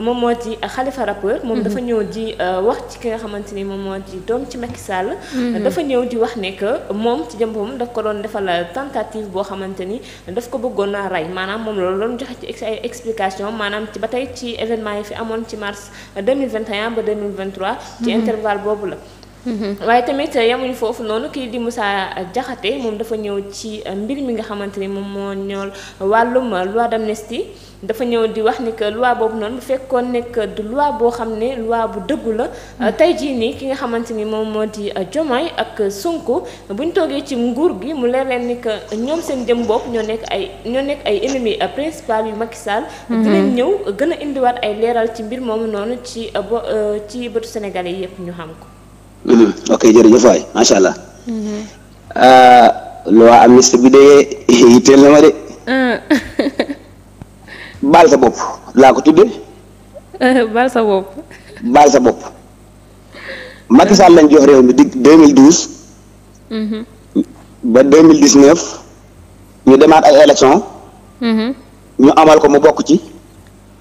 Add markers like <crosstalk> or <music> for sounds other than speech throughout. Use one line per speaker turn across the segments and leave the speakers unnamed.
moom moo ci euh, Khalifa rappeur. moom dafa mhm. ñëw di euh, wax ci ki nga xamante ni moom moo ci doom ci makki sàll mhm. dafa ñëw di wax ne que moom ci jëmbam daf ko doon defal euh, tentative boo xamante ni daf ko bëggoon a rey maanaam moom loolu doon joxe ci ay explication maanaam ci ba tey ci événement yi fi amoon ci mars 2021 ba 2023. ci mhm. intervalle boobu la. Mm-hmm. waaye tamit yamuñu foofu noonu kii di Moussa jaxate moom dafa ñëw ci euh, mbir mi nga xamante ni moom moo ñool wàllum loi d'amnistie dafa ñëw di wax ni que loi boobu noonu bu fekkoon ne que du loi boo xam ne loi bu dëggu la. Euh, mm-hmm. tey jii nii ki nga xamante ni moom moo di euh, Diomaye ak Sonko buñ ñu toogee ci nguur gi mu leer leen ni que ñoom seen jëm bopp ñoo nekk ay ñoo nekk ay ennemis principal yu Macky Sall. Mm-hmm. dinañ ñëw gën a indiwaat ay leeral ci mbir moomu noonu ci bo ci bëtu Sénégalais yépp ñu xam ko.
ok jërëjëf waay macha allah. Mhm. Ah, loi amnistie bi de <laughs> yitteel na ma de. Ah. <laughs> baal sa bopp laa ko tuddee.
<laughs> baal sa bopp.
baal sa bopp. Macky Sall lañ jox réew mi dig 2012. Mhm. ba ñu demaat ay élection mhm. ñu amal ko mu bokk ci.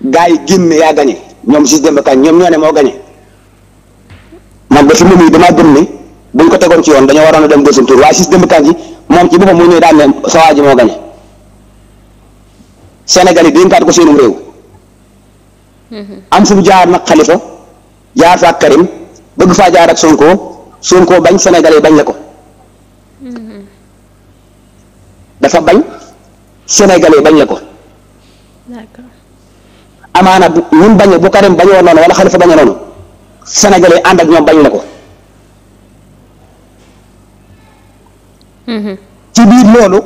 gars yi génn yaa gañe ñoom système bi kañ ñoom ñoo ne moo gañe ba damaa gëm buñ ko tegoon ci yoon dañoo waroon dem deuxième tour waaye si démb tànk ji moom ci boppam mu ñëw daan ne sa waa ji moo gañe jaar nag Khalifa jaar fa ak bëgg faa jaar ak Sonko bañ Sénégal yi bañ ko. dafa bañ Sénégal yi bañ la ko. amaana bu ñun bañ bu Karim bañoo noonu wala Khalifa bañ a noonu. sénégalais ànd ak ñoom bañ la ko. Mhm. ci biir loolu.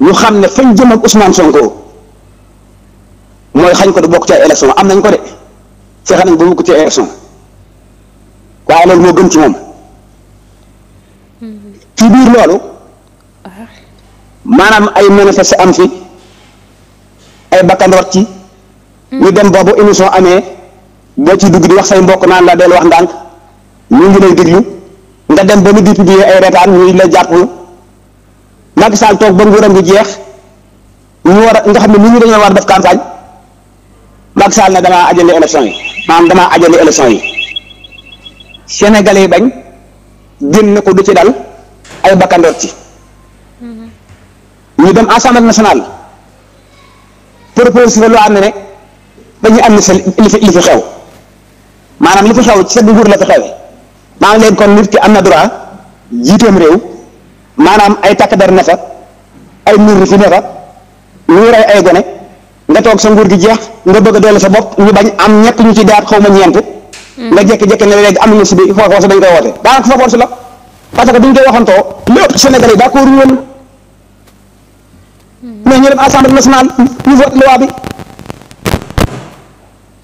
ñu xam ne fañ jëm ak Ousmane Sonko mooy xañ ko du bokk ci ay élection am nañ ko de fexe nañ ba bokk ci ay élection waaye loolu moo gën ci moom. Mhm. ci biir loolu. Ah. maanaam ay manifeste am fi ay bakkan ci. ñu mhm. dem boobu émission amee. boo ci dugg di wax say mbokk naan la del wax ndànk ñu ngi lay déglu nga dem ba mu di publier ay retaan ñuy la jàpp Macky Sall toog ba nguuram gi jeex ñu war a nga xam ne nit ñi dañoo war def campagne Macky Sall ne damaa ajandi élection yi maanaam damaa ajandi élection yi Sénégalais yi bañ génn ko du ci dal ay bakkandoor ci mm-hmm. ñu dem assemblée nationale proposé loo xam ne ne dañuy am li fi li fi xew. maanaam li fi xew ci sa nguur la fi xewee maanaam léegi kon nit ki am na droit jiiteem réew maanaam ay takk der ne fa ay mur fi ne fa ñu ay gone nga toog sa nguur gi jeex nga bëgg a dolli sa bopp ñu am ñett ñu ci daat xaw ma ñeent. Hmm. nga jékki-jékki ne léegi am si bi foo force dañ koy woote daanaka la parce que bu ñu koy waxantoo lépp Sénégal yi d'accord woon hmm. mais bi.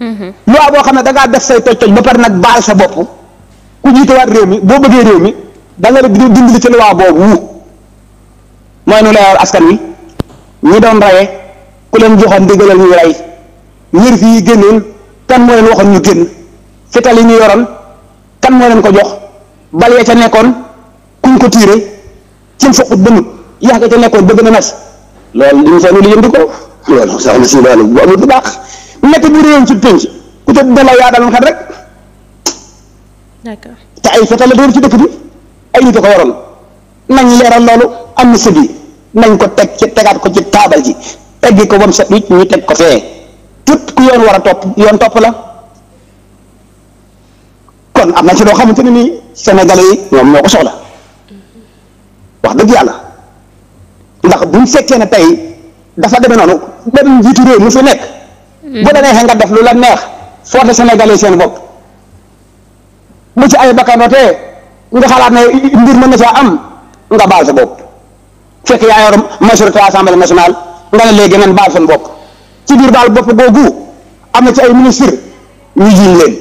loi
boo xam ne da ngaa def say toj toj ba pare nag baal sa bopp ku jiitewaat réew mi boo bëggee réew mi da nga dimbali ci loi boobu mooy nu la askan wi ñi doon raye ku leen joxoon ndigalal ñuy rey ñër fi ñu génn fital yi ñu yoroon kan moo leen ko jox bal ya ca nekkoon kuñ ko tiire cin foqut ba yax ga ca nekkoon bëgg na nas loolu li ñu sa lu lijjanti ko loolu sax lu baax nekk bu réew ci pénc ku ca dala yaa daloon xet rek. te ay fetal la dóor ci dëkk bi ay nit a ko waroon nañ leeral loolu am na sëbi nañ ko teg ci tegaat ko ci taabal ji teggi ko ba mu set wicc ñu teg ko fee tout ku yoon war a topp yoon topp la kon am na ci loo xamante ne nii Sénégalais yi ñoom ñoo dëgg yàlla ndax buñ fekkee ne tey dafa demee noonu même njiitu réew mu fi nekk. bu neexee nga def lu la neex foote sénégalais seen bopp bu ci ay bakkanotee nga xalaat ne mbir na caa am nga baal sa bopp fekk yaa yor majorité assemblée nationale nga ne léegi ngeen baal seen bopp ci biir baal bopp googu am na ci ay ministre ñu jiñ leen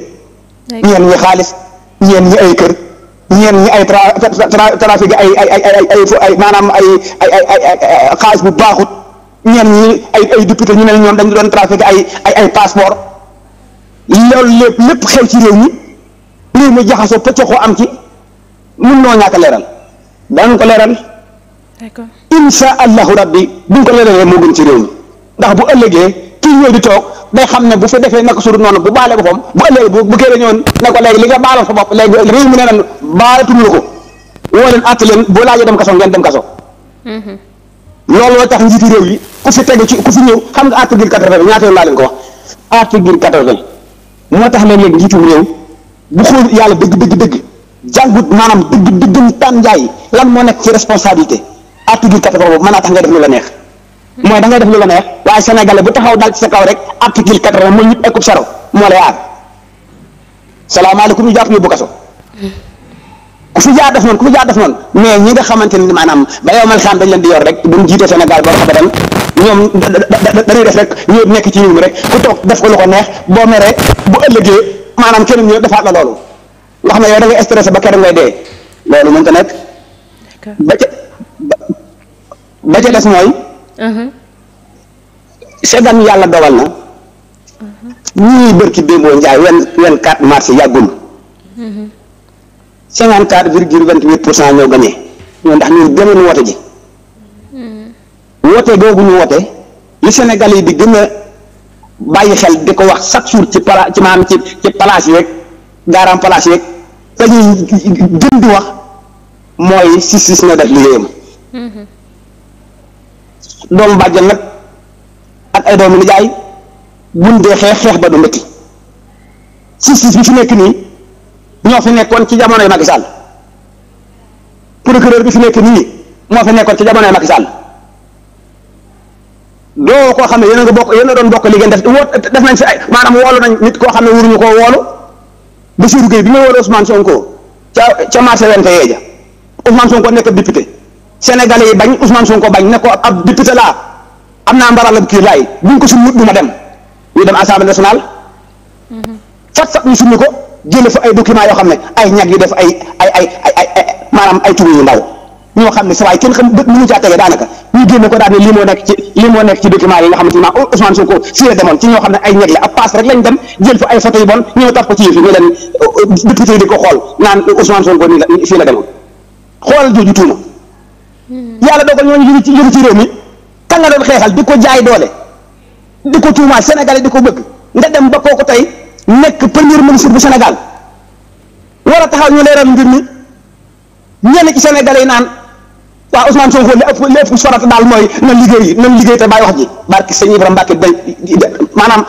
ñeen ñi xaalis ñeen ay kër ñeen ñi ay trafic ay ay ay ay maanaam ay ay ay xaalis bu baaxut ñenn ñi ay ay député ñu mel ñoom dañu doon trafic ay ay ay passeport loolu lépp lépp xew ci réew mi réew mi jaxasoo pëccoxoo am ci mun noo ñàkk leeral danañ ko leeral insha allahu rabbi buñ ko leeralee moo gën ci réew mi ndax bu ëllëgee kii ñëw di toog day xam ne bu fi defee naka sudu noonu bu baale boppam bu ëllëgee bu bu këree ñëwoon ne ko li nga baaloon sa bopp léegi réew mi nee nan baalatuñu la ko woo leen àtt leen boo laajee dem kaso ngeen dem kaso mm-hmm. loolu ku fi tegu ci ku fi ñëw xam nga at quatre-vingt ñaata yoon laa leen ko wax article quatre moo tax leen léegi njiitum réew bu xool yàlla dëgg dëgg dëgg jàngut maanaam dëgg dëggantaan njaay lan moo nekk ci responsabilité at quatre-vingt boobu mën naa tax ngay def la neex mooy da ngay def lu la neex waaye bu taxaw daal ci sa kaw rek article quatre-vingt mooy ñëpp ekkub saro moo salaamaaleykum ñu jàpp ñu bu kaso ku fi jaar def noonu ku fi jaar def noonu mais ñi nga xamante ni maanaam ba yow mal da leen di yor rek buñ jiite Sénégal ba xabadan ñoom dañuy def rek ñu nekk ci rek ku toog def ko lu ko neex boo meree bu ëllëgee maanaam kenn ñu defaat la loolu nga xam ne yow da ngay stressé ba keroog ngay dee loolu mënut a nekk ba ca ba ca des mooy uh-huh. yàlla dogal na uh-huh. ñii bërki démboo njaay wen wen 4 mars yàggul
uh-huh.
cinquante quatre virgule vingt huit pour cent ñoo gagné ñoo ndax ñu demoon woote ji hmm. woote googu ñu li Sénégal yi di gën a bàyyi xel di ko wax chaque jour ci pala ci maanaam ci ci palaas yeeg gaaraam palaas yeeg dañuy gën di wax mooy six six na def liggéeyam hmm. doomu bàjjan nag ak ay doomu nijaay buñ dee xeex xeex ba du métti six six bi fi nekk nii ñoo fi nekkoon ci jamonoy Macky Sall procureur bi fi nekk nii moo fi nekkoon ci jamonoy Macky Sall koo xam ne yéen a nga bokk yéen a doon bokk liggéey def def nañ fi ay maanaam woolu nañ nit koo xam ne wuruñu koo woolu Bassirou Gueye bi ma woolu Ousmane Sonko ca ca marché wente yeeja Ousmane Sonko nekk député Sénégalais yi bañ Ousmane Sonko bañ ne ab député laa am naa mbaral ab kii laay buñ ko sumut du ma dem ñu dem assemblée nationale mm-hmm. fat fat ñu summi ko jële fa ay documents yoo xam ne ay ñag yu def ay ay ay ay maanaam ay tubu yu ndaw ñoo xam ne sa waay kenn xam mënu caa tege daanaka ñu génne ko daal ne lii moo nekk ci lii moo nekk ci document yi nga xamante ci ñoo xam ne ay ñeg la ab paas rek lañ dem jël fa ay photo yu bon ñoo taf ko ci yëf yi ñu leen euh, euh, ko la fii la demoon xoolal jooju tuuma hmm. yàlla ci yëngu ci réew mi kan la xeexal di ko jaay doole di ko tuumaal Sénégalais di ko bëgg nga dem ba kooku tey nekk premier ministre bu Sénégal war a taxaw ñu leeral mbir mi ñenn ci Sénégalais yi naan waaw Ousmane Sonko li ëpp li ëpp daal mooy nan liggéey nan liggéey te bàyyi wax ji barki sëñ Ibrahima maanaam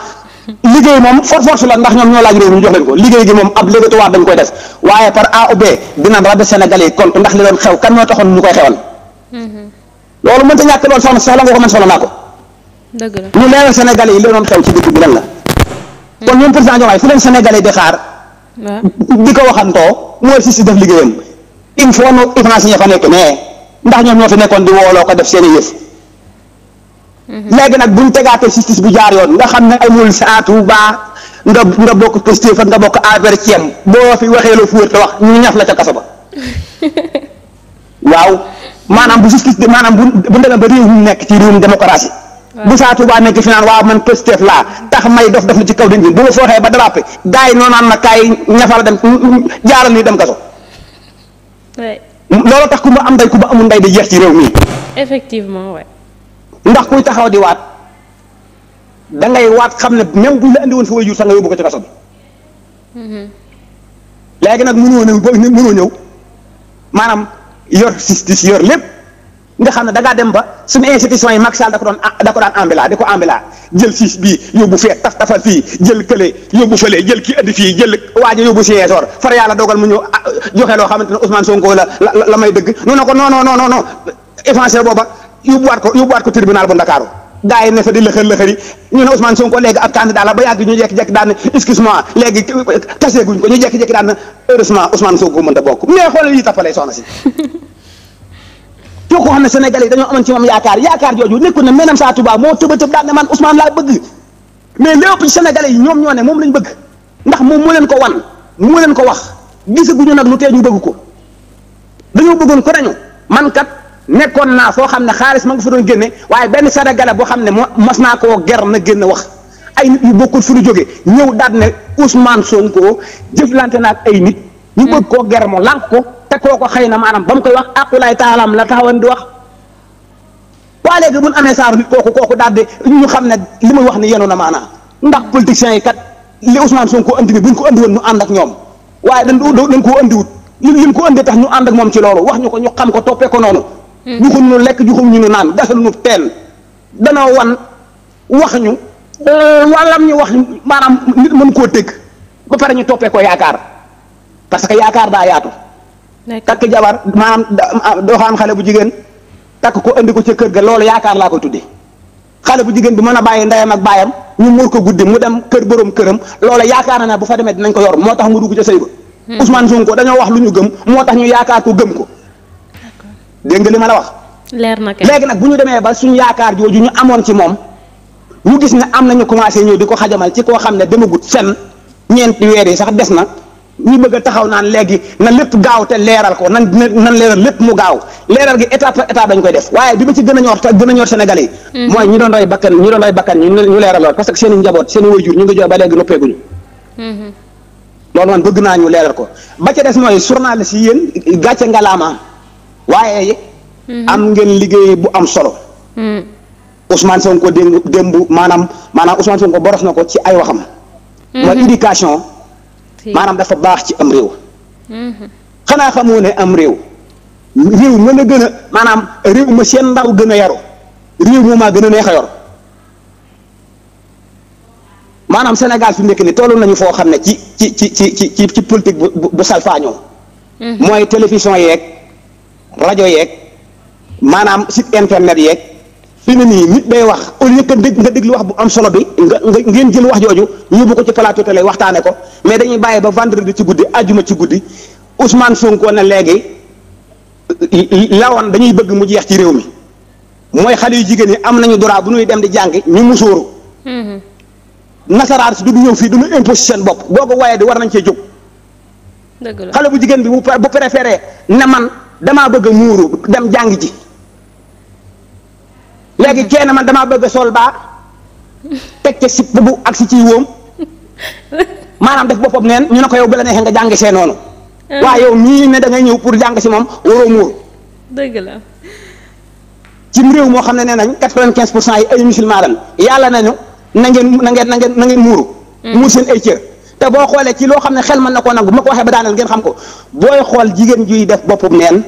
liggéey moom for force la ndax ñoom ñoo liggéey gi moom ab légatoire dañ koy def waaye par A ou ndax li xew kan ñoo taxoon ñu mm-hmm. loolu mënta ñàkk loolu soxna soxla nga ko man soxla naa ko ñu leeral Sénégalais yi li doon xew ci dëkk bi lan la kon ñoom président Diomaye fu leen sénégalais di xaar.
di
ko waxantoo mu war si si def liggéeyam il faut nu états ña fa ndax ñoom ñoo fi nekkoon di wooloo def seen i mhm. nag buñ tegaatee justice bu jaar yoon nga xam ne amul saatu baa nga nga bokk Pastef nga bokk affaire ci yem boo fi waxee la fuur te wax ñu ñaf la ca kaso ba <laughs> waaw maanaam bu justice maanaam bu bu demee ba réew nekk ci réewum démocratie. bu saa baa nekk fi naan waaw man Pastef laa tax may dof dof na ci kaw dindi bu la fooxee ba dérapé gars yi noonu naan na kaay a dem jaaral nii dem kaso. loolu tax ku ma am ndey ku ma amul ndey di jeex ci réew mi.
effectivement
ndax kuy taxaw di waat da ngay waat xam ne même buñ la andi woon fa waajur sax nga yóbbu ko ci kaso bi. Mm-hmm. léegi nag mënoo ñëw mënoo ñëw maanaam yor justice yor lépp. nga xam ne da ngaa dem ba suñu institution yi Macky Sall da ko doon da ko daan ambila di ko ambila jël siis bii yóbbu fee taf tafal fii jël kële yóbbu fële jël kii ëddi fii jël waajo yóbbu Ziguinchor far yàlla dogal mu ñëw joxe loo xamante ne Ousmane Sonko la la may dëgg nu ne ko non non non non évancé booba yóbbuwaat ko yóbbuwaat ko tribunal bu Ndakaaru gaa yi ne fa di lëxër lëxëri ab candidat la ba yàgg ñu jekki-jekki daan heureusement Ousmane Sonko mënta bokk mais yi tappalee soxna si <laughs> koo ko xam ne Sénégal yi dañoo amoon ci moom yaakaar yaakaar jooju nekkul ne menam saa Touba moo tëba tëb man Ousmane laa bëgg mais lépp ci Sénégalais yi ñoom ñoo ne moom lañ bëgg ndax moom moo leen ko wan moo leen ko wax gisaguñu nag lu tee ñu bëgg ko dañoo bëggoon ko nañu man nekkoon naa foo xam ne xaalis ma nga fa doon génne waaye benn boo xam ne moo mas naa koo ger na génn wax ay nit yu bokkul fu ñu jógee ñëw daal ne Ousmane Sonko jëflante na ak ay nit. ñu bëgg koo ger mu lànk ko. kooku kooko xëy na maanaam ba mu koy wax aqulaay taalaam la taxawan di wax waa léegi bu ñu amee saaru nit kooku kooku daal de ñu xam ne li muy wax ne yenu na maanaam ndax politiciens yi kat li Ousmane Sonko andi bi bu ñu ko andi woon ñu ñoom waaye dañ dañ koo andiwut li li ko andi tax ñu ànd ak moom ci loolu wax ñu ko ñu xam ko toppee ko noonu. juxum hmm. ñu lekk juxum ñu naan gasal ñu teen dana wan wax ñu euh, wàllam ñu wax maanaam nit mën koo tëgg ba pare ñu toppee ko yaakaar parce que yaakaar daa yaatu. takk jabar maanaam doxaan xale bu jigéen takk ko indi ko ca kër ga loolu yaakaar laa ko tudde xale bu jigéen bi mën a bàyyi ndeyam ak baayam ñu muur ko guddi mu dem kër borom këram loola yaakaar na bu fa demee dinañ ko yor moo tax mu dugg ca sëy ba hmm. Ousmane Sonko dañoo wax lu ñu gëm moo tax ñu yaakaar ko gëm ko dégg nga li ma la wax
leer na léegi
nag bu ñu demee ba suñ yaakaar jooju ñu amoon ci moom ñu gis ne am nañu commencé ñëw di ko xajamal ci koo xam ne demagut fenn ñeenti weer yi sax des na ñu bëgg a taxaw naan léegi na lépp gaaw te leeral ko nan nan leeral lépp mu gaaw leeral gi état par étape dañ koy def waaye bi ma ci gën a ñor gën a ñor Sénégalais yi mm-hmm. mooy ñu doon rey bakkan ñu doon rey bakkan ñu leeral lool parce que seen i njaboot seen i waajur ñu ngi jooy ba léegi noppeeguñu mm-hmm. loolu man bëgg naa ñu leeral ko ba ca des mooy journaliste si yéen gàcce ngalaama waaye mm-hmm. am ngeen liggéey bu am solo Ousmane Sonko démb maanaam maanaam Ousmane Sonko boros na ko ci ay waxam mooy maanaam dafa baax ci am réew mhm. xanaa xamoo ne am réew réew mën a gën a maanaam réew ma seen ndaw gën a yaru réew moo maa gën a neex a maanaam Sénégal su mu nekk nii tollu nañu foo xam ne ci ci ci ci ci ci politique bu bu salfaañoo mhm. mooy télévision yeeg rajo yeeg maanaam site internet yeeg fi nii nit day wax au lieu que dégg nga déglu wax bu am solo bi nga ngeen jël wax jooju yóbbu ko ci plateau télé waxtaane ko mais dañuy bàyyi ba vendredi ci guddi ajuma ci guddi Ousmane Sonko na léegi lawoon dañuy bëgg mu jeex ci réew mi mooy xale yu jigéen ñi am nañu doraa bu ñuy dem di jàngi ñu musóoroo mm-hmm. nasaraan si du ñëw fii du ñu imposé seen bopp boo ko waaye di war nañ cee jóg xale bu jigéen bi bu préféré na man damaa bëgg a muuru dem jàng ji léegi kenn man damaa bëgg sol baa teg ca si bu ak si ciy wóom maanaam def boppam neen ñu ne ko yow bu la neexee nga jàng see noonu. Ah. waaye yow mii ne dangay ñëw pour jàng si moom waroo muur. dëgg la. ci réew moo xam ne nee nañ quatre-vingt-quinze pour cent yi ay musulman lañ yàlla nañu na ngeen na ngeen na ngeen na ngeen muuru. Hmm. muur seen ay cër. te boo xoolee ci loo xam ne xel mën na koo nag bu ma ko waxee ba daaneel ngeen xam ko booy xool jigéen juy def boppam neen.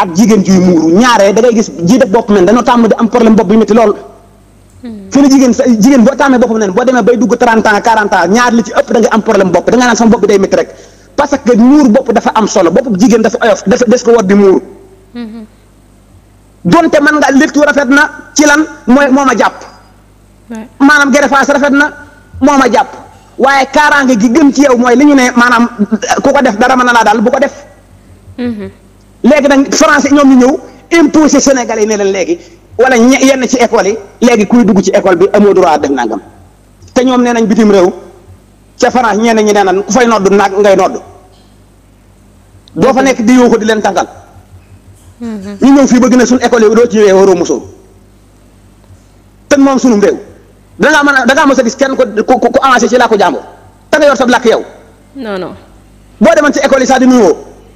ak jigéen juy muuru ñaare da gis ji def bopp men dañoo tàmm di am problème bopp bi métti lool. Hmm. fi ne jigéen sa jigéen boo tàmmee boppam nen boo demee bay dugg 30 ans 40 ñaar li ci ëpp da ngay am problème bopp da nga naan sama bopp bi day métti rek parce que muur bopp dafa am solo bopp jigéen dafa oyof dafa des ko war di muuru. Hmm. donte man nga léttu rafet na ci lan mooy moo ma jàpp. maanaam gerefaas rafet na moo ma jàpp waaye kaaraange gi gën ci yow mooy li ñu ne maanaam ku ko def dara mën na laa daal bu ko def. Hmm. léegi nag français ñoom ñu ñëw sénégal yi ne leen léegi wala ñe yenn ci école yi léegi kuy dugg ci école bi amoo droit def nangam te ñoom nee nañ bitim réew ca France ñeen ñi nee nañ ku fay nodd naag ngay nodd doo fa nekk di ko di leen tàngal. Mm-hmm. ñu ñëw fii ba gën a suñu école yi doo ci ñëwee waroo mosoo te moom sunum réew dangaa mën a dangaa mos a gis kenn ko ku avancé ci laa ko jàmbur te nga yor sab làkk yow. non boo demoon ci école yi sax di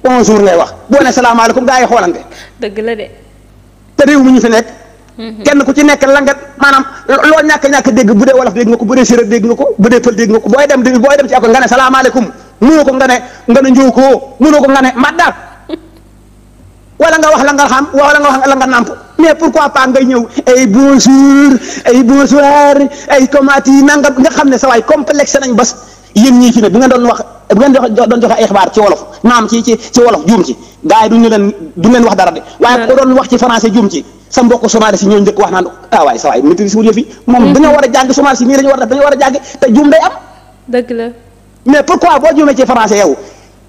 bonjour ngay wax boo ne salaamaaleykum gaa yi xoolante. dëgg la de. te réew mi ñu fi nekk. Mhm. kenn ku ci nekk la nga maanaam loo ñàkk ñàkk dégg bu dee wolof dégg nga ko bu dee séeréer dégg nga ko bu dee pël dégg nga ko booy dem booy dem ci ako nga ne salaamaaleykum mënoo ko nga ne nga ne njóo ko mënoo ko nga ne maddaal <laughs> wala nga wax la nga xam wala nga wax la nga nàmp mais pourquoi pas ngay ñëw ay bonjour ay bonsoir ay comment yi nangam nga xam ne sa waay complexe nañ bas. yéen ñii ci ne bi nga doon wax bi ngeen doon joxe ay xibaar ci wolof naam ci ci ci wolof juum ci gars yi duñu leen wax dara de waaye ko doon wax ci français juum ci sa mbokk somali si ñoo njëkk wax naan ah waay sa mm-hmm. war a jàng somali si nii dañu war a a jàng te juum day am dëgg la mais boo juumee ci français yow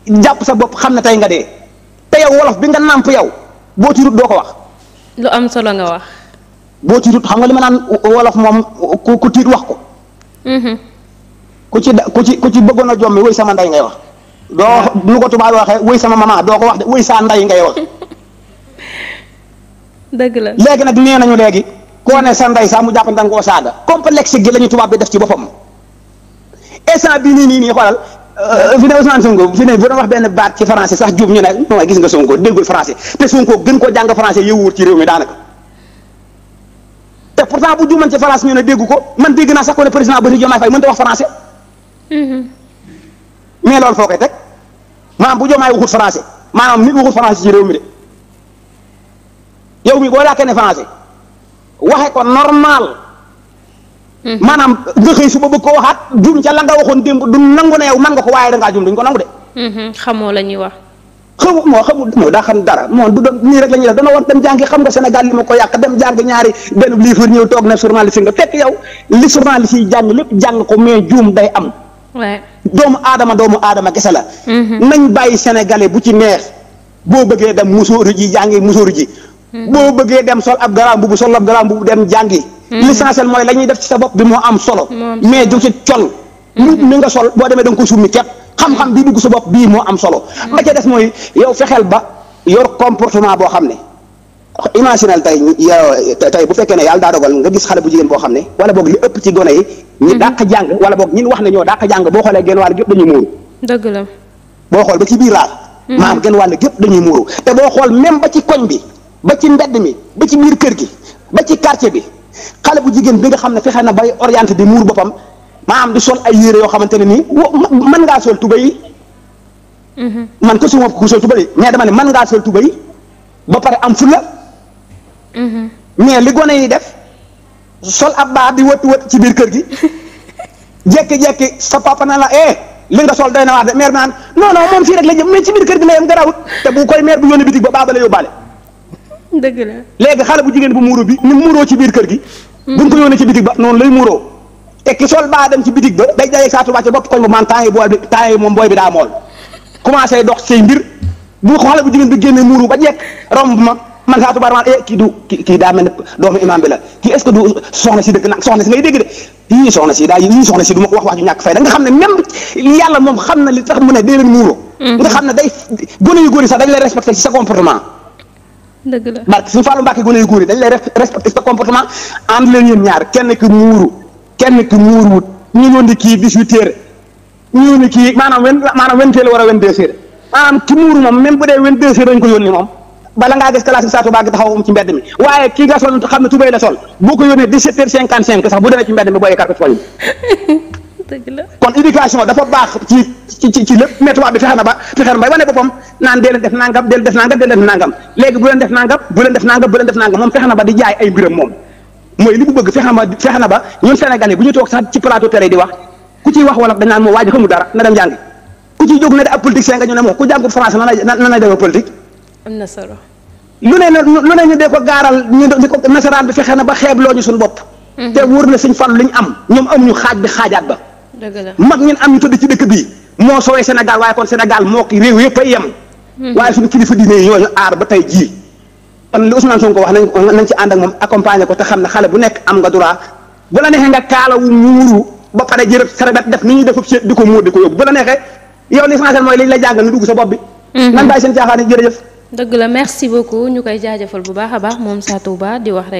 jàpp sa bopp xam ne tey nga dee te yow wolof bi nga nàmp yow boo ci doo ko wax lu am solo nga wax boo ci xam nga li ma naan wolof moom ku ku tiit wax ko mm-hmm. ku ci ku ci ku ci bëggoon a jommi wëy sama nday ngay wax. doo nu ah. ko tubaab waxee wëy sama maman doo ko wax de wëy saa nday ngay wax.
<laughs> dëgg la léegi nag
nee nañu léegi. koo ne sa nday saa mu jàpp ndànkoo saaga. complexe gi la ñu tubaab bi def ci boppam. san bi nii nii nii xoolal euh, fi ne Ousmane Sonko fi ne bu doon wax benn baat ci français sax jub ñu ne non gis nga Sonko déggul français te Sonko gën ko jàng français yëwuwut ci réew mi daanaka. te pourtant bu ko man dégg naa sax ko ne président Mhm. mais loolu foo koy teg maanaam bu jomaay waxul français maanaam nit waxul français ci réew mi de yow mi boo laa kenn français waxe ko normal mhm. maanaam nga xëy suba bëgg ko waxaat juum ca la nga waxoon démb du nangu ne yow man nga ko waaye dangaa juum duñ ko nangu de.
Mhm, xamoo la ñuy wax.
xamu moo xamul moo daa xam dara moo du doon nii rek la ñuy def dana war dem jàngi xam nga Sénégal li ma ko yàq dem jàng ñaari benn livre ñëw toog na journaliste nga fekk yow li journaliste yi jàng lépp jàng ko mais juum day am. doomu aadama doomu aadama kese la. Mhm. nañ bàyyi sénégalais bu ci neex boo bëggee dem musóoru ji jàngi musóoru ji. Mhm. boo bëggee dem sol ab garaam bu bu sol ab garaam bu bu dem jàngi. Mhm. l'essentiel mooy la ñuy def ci sa bopp bi moo am solo. mais du ci col. lu ni nga sol boo demee da nga ko summi képp xam-xam bi dugg sa bopp bii moo am solo. ba ca des mooy yow fexeel ba yor comportement boo xam ne. imaginal tey tey bu fekkee ne yàlla daa dogal nga gis xale bu jigéen boo xam ne wala boog li ëpp ci gone yi ñi mhm. dàq jàng wala boog ñin wax ne ñoo dàq jàng boo xoolee genn wàll gépp dañuy muuru dëgg la boo xool ba ci biir laal mhm. maam genn wàll gépp dañuy muuru te boo xool même ba ci koñ bi ba ci mbedd mi ba ci biir kër gi ba ci quartier bi xale bu jigéen bi nga xam ne fexe na bay orienté di muur boppam maam di sol ay yére yoo xamante ne nii mën ngaa sol tubéy mhm. man ko suma ko sol tubéy mais dama ne mën ngaa sol tubéy ba pare am mais li gone yi def sol ab baa di wëtt wëtt ci biir kër gi <laughs> jekki jékki sa papa na la eh li nga sol doy na wax de maire bi naan non moom fii rek la jëm mais ci biir kër gi la yem garawut te bu koy maire bu yónnee bitig ba baaba la yóbbaale. <laughs> xale bu jigéen bu muuro bi ni muuroo ci biir kër gi. buñ ko yónnee ci bitig ba noonu lay muuroo. te sol baa dem ci bitig ba day jaay saatu wàcce bopp kon bu man temps booy bi temps moom booy bi daa mool commencé dox say mbir bu xale bu jigéen bi génnee muuru ba jekk romb ma. man saa tubaar maanaam eh kii du kii kii daa mel ne doomu imaam kii est que du soxna si dëgg nag soxna si ngay dégg de yii soxna si daa yii soxna si du ma wax wax nga xam ne même yàlla moom xam na li tax ne dee muuro. Mm-hmm. nga xam ne day gone yu góor yi sax dañ ci sa comportement.
dëgg la barke
suñu Fallou Mbacke gone yu góor yi dañ lay respecté sa comportement ànd leen yéen ñaar kenn ki muuru kenn ki muuru wut ñu ñëw ni kii dix-huit heures ñu ñëw ni kii maanaam wen teel war a wen deux heures maanaam ki muuru moom moom bala ngaa gis classe bi saa Touba gi taxawum ci mbedd mi waaye kii nga sol xam ne tubéy la boo ko yónnee 17 heures ci mbedd ci poñ na ba fexe na ba na ba di jaay ay mbiram moom mooy li mu bëgg fexe na ba fexe na ñu toog sax wax ku ciy wax wolof na ne de ab politique am na solo. lu ne lu ne ñu de ko gaaral ñu di ko nasaraan bi fexe na ba xeebloo ñu suñu bopp. Mhm. te wóor na suñ fàllu li ñu am ñoom amuñu xaaj bi xaajaat ba. dëgg la mag ñun am ñu tëdd ci dëkk bii moo soowee Sénégal waaye kon Sénégal moo ki réew yëpp ay yem. Mhm. waaye suñu kilifa diine yi ñoo ñu aar ba tey jii. kon li Ousmane Sonko wax nañ nañ ci ànd ak moom accompagner ko te xam ne xale bu nekk am nga droit bu la neexee nga kaalawu muuru ba pare jërëb sareet def ni ñuy def di ko muur di ko yóbbu bu la neexee yow l'essentiel mooy liñ la jàng nu dugg sa bopp bi. Mhm. nan bàyyi seen caaxaan yi jërëjëf
dëgg la merci beaucoup ñu koy jaajëfal bu baax a baax moom Sa Touba di wax rek.